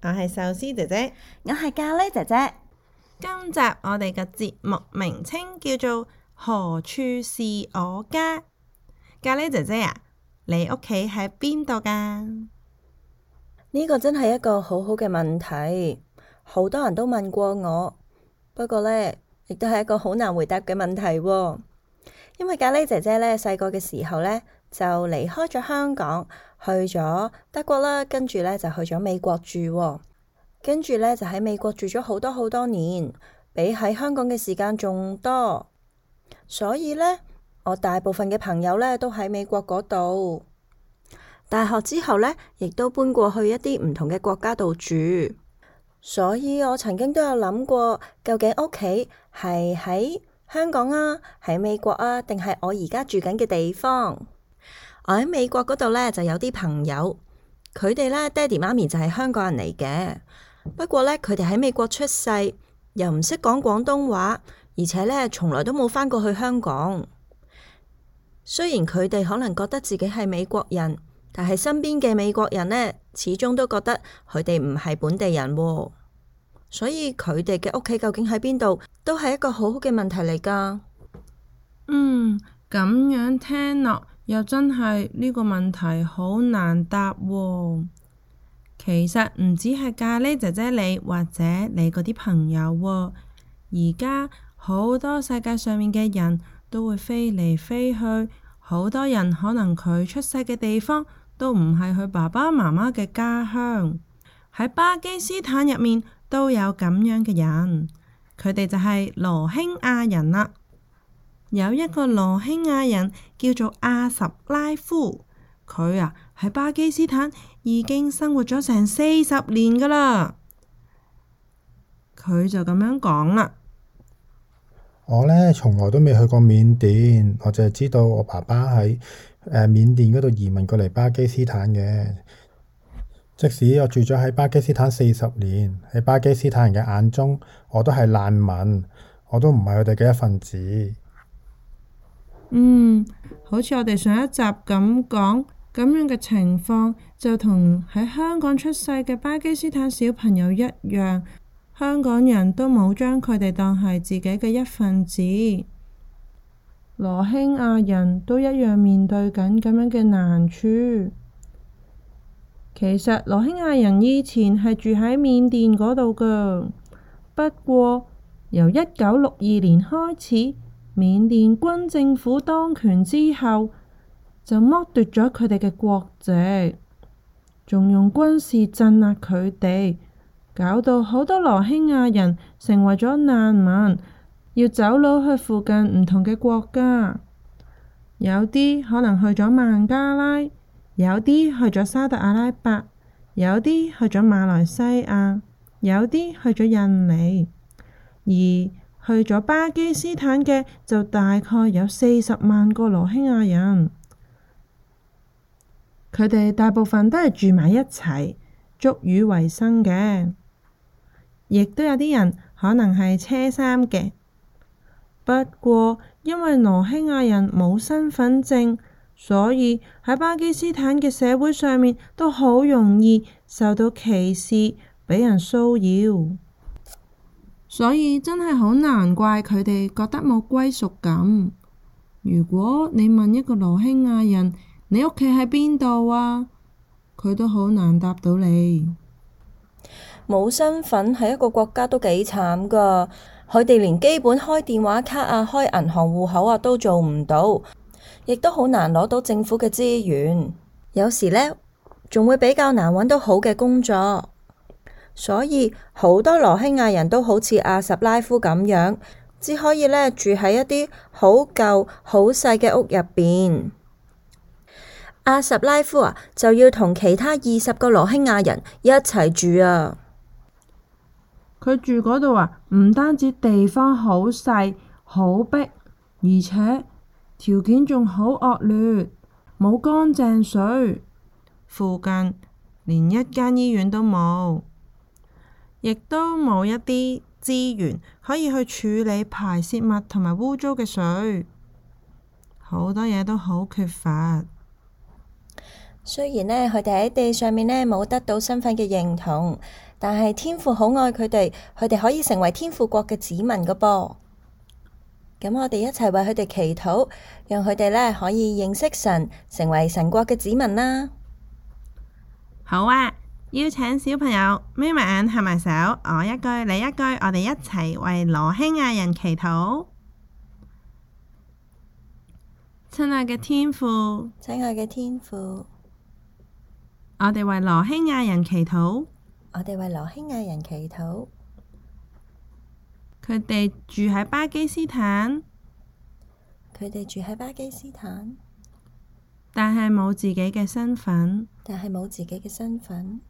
我係壽司姐姐，我係咖喱姐姐。今集我哋嘅節目名稱叫做《何處是我家》。咖喱姐姐啊，你屋企喺邊度噶？呢個真係一個好好嘅問題，好多人都問過我。不過咧，亦都係一個好難回答嘅問題喎，因為咖喱姐姐咧細個嘅時候咧。就離開咗香港，去咗德國啦，跟住咧就去咗美國住喎，跟住咧就喺美國住咗好多好多年，比喺香港嘅時間仲多。所以咧，我大部分嘅朋友咧都喺美國嗰度。大學之後咧，亦都搬過去一啲唔同嘅國家度住。所以我曾經都有諗過，究竟屋企係喺香港啊，喺美國啊，定係我而家住緊嘅地方？我喺美國嗰度咧，就有啲朋友，佢哋咧爹哋媽咪就係香港人嚟嘅。不過咧，佢哋喺美國出世，又唔識講廣東話，而且咧從來都冇翻過去香港。雖然佢哋可能覺得自己係美國人，但係身邊嘅美國人咧，始終都覺得佢哋唔係本地人喎。所以佢哋嘅屋企究竟喺邊度，都係一個好好嘅問題嚟噶。嗯，咁樣聽落。又真係呢個問題好難答喎，其實唔止係咖喱姐姐你或者你嗰啲朋友喎，而家好多世界上面嘅人都會飛嚟飛去，好多人可能佢出世嘅地方都唔係佢爸爸媽媽嘅家鄉。喺巴基斯坦入面都有咁樣嘅人，佢哋就係羅興亞人啦。有一個羅興亞人叫做阿什拉夫，佢啊喺巴基斯坦已經生活咗成四十年噶啦。佢就咁樣講啦。我呢，從來都未去過緬甸，我淨係知道我爸爸喺誒緬甸嗰度移民過嚟。巴基斯坦嘅，即使我住咗喺巴基斯坦四十年，喺巴基斯坦人嘅眼中，我都係難民，我都唔係佢哋嘅一份子。嗯，好似我哋上一集咁講，咁樣嘅情況就同喺香港出世嘅巴基斯坦小朋友一樣，香港人都冇將佢哋當係自己嘅一份子。羅興亞人都一樣面對緊咁樣嘅難處。其實羅興亞人以前係住喺緬甸嗰度噶，不過由一九六二年開始。緬甸軍政府當權之後，就剝奪咗佢哋嘅國籍，仲用軍事鎮壓佢哋，搞到好多羅興亞人成為咗難民，要走佬去附近唔同嘅國家，有啲可能去咗孟加拉，有啲去咗沙特阿拉伯，有啲去咗馬來西亞，有啲去咗印尼，而去咗巴基斯坦嘅就大概有四十萬個羅興亞人，佢哋大部分都係住埋一齊，捉魚為生嘅，亦都有啲人可能係車衫嘅。不過因為羅興亞人冇身份證，所以喺巴基斯坦嘅社會上面都好容易受到歧視，畀人騷擾。所以真係好難怪佢哋覺得冇歸屬感。如果你問一個羅興亞人，你屋企喺邊度啊？佢都好難答到你。冇身份喺一個國家都幾慘噶，佢哋連基本開電話卡啊、開銀行戶口啊都做唔到，亦都好難攞到政府嘅資源。有時咧，仲會比較難揾到好嘅工作。所以好多羅興亞人都好似阿什拉夫咁樣，只可以咧住喺一啲好舊、好細嘅屋入邊。阿什拉夫啊，就要同其他二十個羅興亞人一齊住啊。佢住嗰度啊，唔單止地方好細、好逼，而且條件仲好惡劣，冇乾淨水，附近連一間醫院都冇。亦都冇一啲資源可以去處理排泄物同埋污糟嘅水，好多嘢都好缺乏。雖然咧，佢哋喺地上面咧冇得到身份嘅認同，但係天父好愛佢哋，佢哋可以成為天父國嘅子民嘅噃。咁我哋一齊為佢哋祈禱，讓佢哋咧可以認識神，成為神國嘅子民啦。好啊！邀請小朋友眯埋眼，合埋手。我一句，你一句，我哋一齊為羅興亞人祈禱。親愛嘅天父，親愛嘅天父，我哋為羅興亞人祈禱。我哋為羅興亞人祈禱。佢哋住喺巴基斯坦，佢哋住喺巴基斯坦，但係冇自己嘅身份，但係冇自己嘅身份。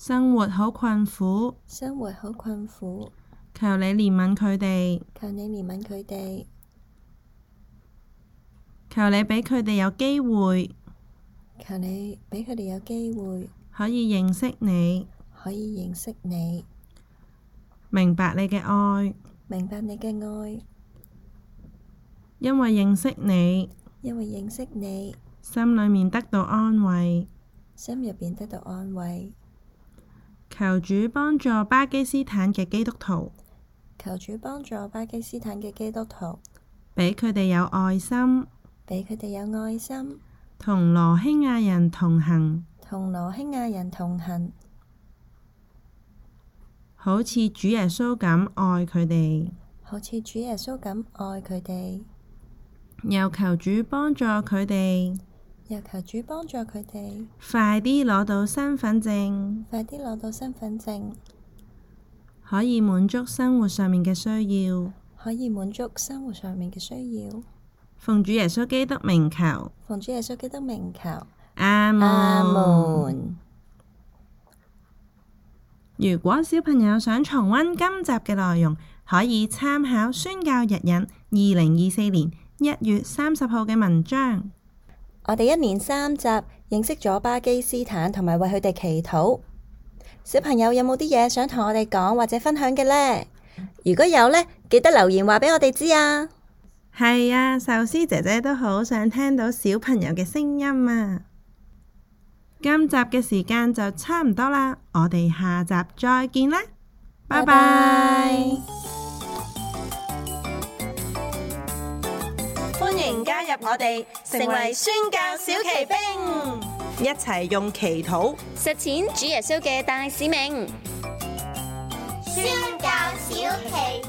生活好困苦，生活好困苦。求你憐憫佢哋，求你憐憫佢哋。求你俾佢哋有機會，求你畀佢哋有機會可以認識你，可以認識你，識你明白你嘅愛，明白你嘅愛，因為認識你，因為認識你，心裏面得到安慰，心入邊得到安慰。求主幫助巴基斯坦嘅基督徒，求主幫助巴基斯坦嘅基督徒，畀佢哋有愛心，畀佢哋有愛心，同羅興亞人同行，同羅興亞人同行，好似主耶穌咁愛佢哋，好似主耶穌咁愛佢哋，又求主幫助佢哋。求求主幫助佢哋，快啲攞到身份證，快啲攞到身份證，可以滿足生活上面嘅需要，可以滿足生活上面嘅需要。奉主耶穌基督名求，奉主耶穌基督名求，阿門。阿門。如果小朋友想重温今集嘅內容，可以參考宣教日引二零二四年一月三十號嘅文章。我哋一連三集認識咗巴基斯坦，同埋為佢哋祈禱。小朋友有冇啲嘢想同我哋講或者分享嘅呢？如果有呢，記得留言話俾我哋知啊！係啊，壽司姐姐都好想聽到小朋友嘅聲音啊！今集嘅時間就差唔多啦，我哋下集再見啦，拜拜。加入我哋，成為宣教小騎兵，一齊用祈禱實踐主耶穌嘅大使命。宣教小騎。